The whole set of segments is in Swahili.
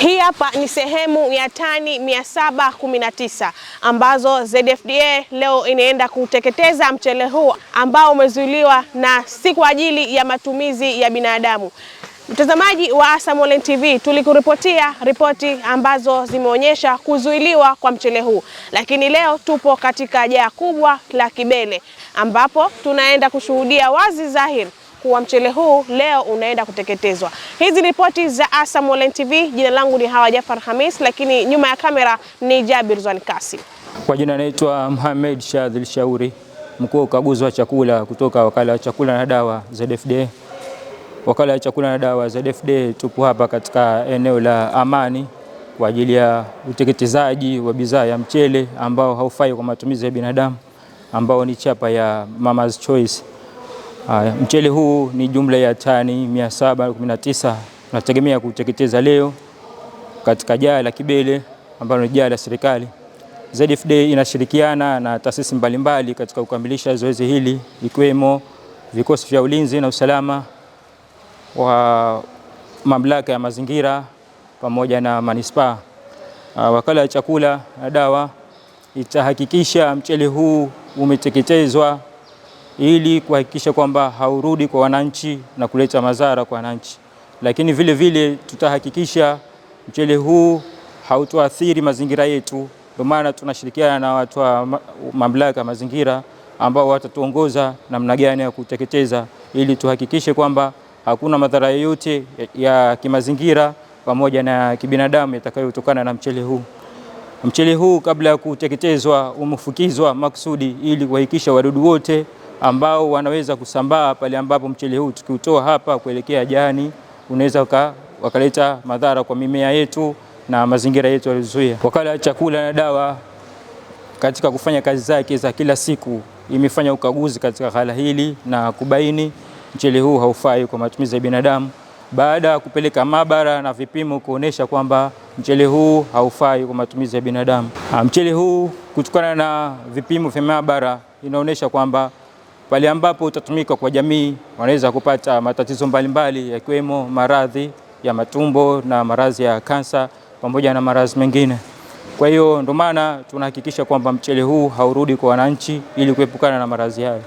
Hii hapa ni sehemu ya tani 719 ambazo ZFDA leo inaenda kuteketeza mchele huu ambao umezuiliwa na si kwa ajili ya matumizi ya binadamu. Mtazamaji wa ASAM Online TV, tulikuripotia ripoti ambazo zimeonyesha kuzuiliwa kwa mchele huu, lakini leo tupo katika jaa kubwa la Kibele ambapo tunaenda kushuhudia wazi dhahiri kuwa mchele huu leo unaenda kuteketezwa. Hizi ripoti za ASAM Online TV, jina langu ni Hawa Jafar Hamis, lakini nyuma ya kamera ni Jabir Zwan Kasi. Kwa jina naitwa Mohamed Shadhil Shauri, mkuu wa ukaguzi wa chakula kutoka wakala wa chakula na dawa zfd Wakala wa chakula na dawa zfd tupo hapa katika eneo la Amani kwa ajili ya uteketezaji wa bidhaa ya mchele ambao haufai kwa matumizi ya binadamu ambao ni chapa ya Mama's Choice. Haya, mchele huu ni jumla ya tani 719 tunategemea kuteketeza leo katika jaa la Kibele ambalo ni jaa la serikali. ZFD inashirikiana na taasisi mbalimbali katika kukamilisha zoezi hili ikiwemo vikosi vya ulinzi na usalama wa mamlaka ya mazingira pamoja na manispaa. Ah, wakala ya chakula na dawa itahakikisha mchele huu umeteketezwa ili kuhakikisha kwamba haurudi kwa wananchi na kuleta madhara kwa wananchi, lakini vile vile tutahakikisha mchele huu hautoathiri mazingira yetu. Ndio maana tunashirikiana na watu wa mamlaka ya mazingira ambao watatuongoza namna gani ya kuteketeza ili tuhakikishe kwamba hakuna madhara yoyote ya kimazingira pamoja na kibinadamu yatakayotokana na mchele huu. Mchele huu kabla ya kuteketezwa umefukizwa maksudi ili kuhakikisha wadudu wote ambao wanaweza kusambaa pale ambapo mchele huu tukiutoa hapa kuelekea jani unaweza wakaleta madhara kwa mimea yetu na mazingira yetu yalizuia. Wakala wa Chakula na Dawa katika kufanya kazi zake za kila siku imefanya ukaguzi katika ghala hili na kubaini mchele huu haufai kwa matumizi ya binadamu, baada ya kupeleka maabara na vipimo kuonesha kwamba mchele huu haufai kwa matumizi ya binadamu. Ah, mchele huu kutokana na vipimo vya maabara inaonyesha kwamba pale ambapo utatumika kwa jamii, wanaweza kupata matatizo mbalimbali yakiwemo maradhi ya matumbo na maradhi ya kansa pamoja na maradhi mengine. Kwa hiyo ndio maana tunahakikisha kwamba mchele huu haurudi kwa wananchi ili kuepukana na maradhi hayo.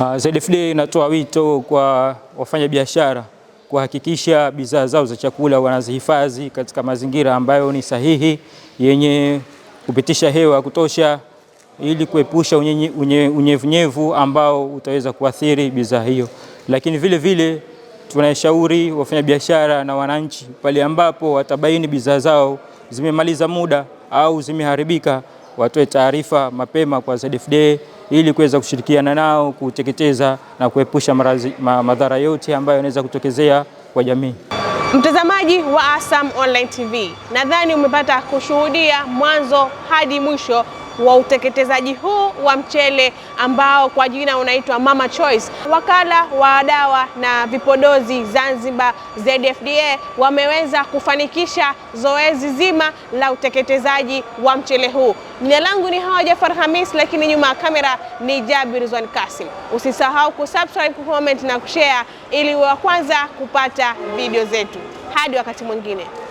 Ah, ZFD inatoa wito kwa wafanyabiashara kuhakikisha bidhaa zao za chakula wanazihifadhi katika mazingira ambayo ni sahihi yenye kupitisha hewa kutosha ili kuepusha unyevunyevu unye, ambao utaweza kuathiri bidhaa hiyo. Lakini vile vile tunashauri wafanyabiashara na wananchi, pale ambapo watabaini bidhaa zao zimemaliza muda au zimeharibika, watoe taarifa mapema kwa zfd ili kuweza kushirikiana nao kuteketeza na kuepusha marazi, ma, madhara yote ambayo yanaweza kutokezea kwa jamii. Mtazamaji wa ASAM Online TV, nadhani umepata kushuhudia mwanzo hadi mwisho wa uteketezaji huu wa mchele ambao kwa jina unaitwa Mama Choice. Wakala wa dawa na vipodozi Zanzibar ZFDA wameweza kufanikisha zoezi zima la uteketezaji wa mchele huu. Jina langu ni Hawa Jafar Hamis, lakini nyuma ya kamera ni Jabir Rizwan Kasim. Usisahau kusubscribe, comment na kushare ili wa kwanza kupata video zetu. Hadi wakati mwingine.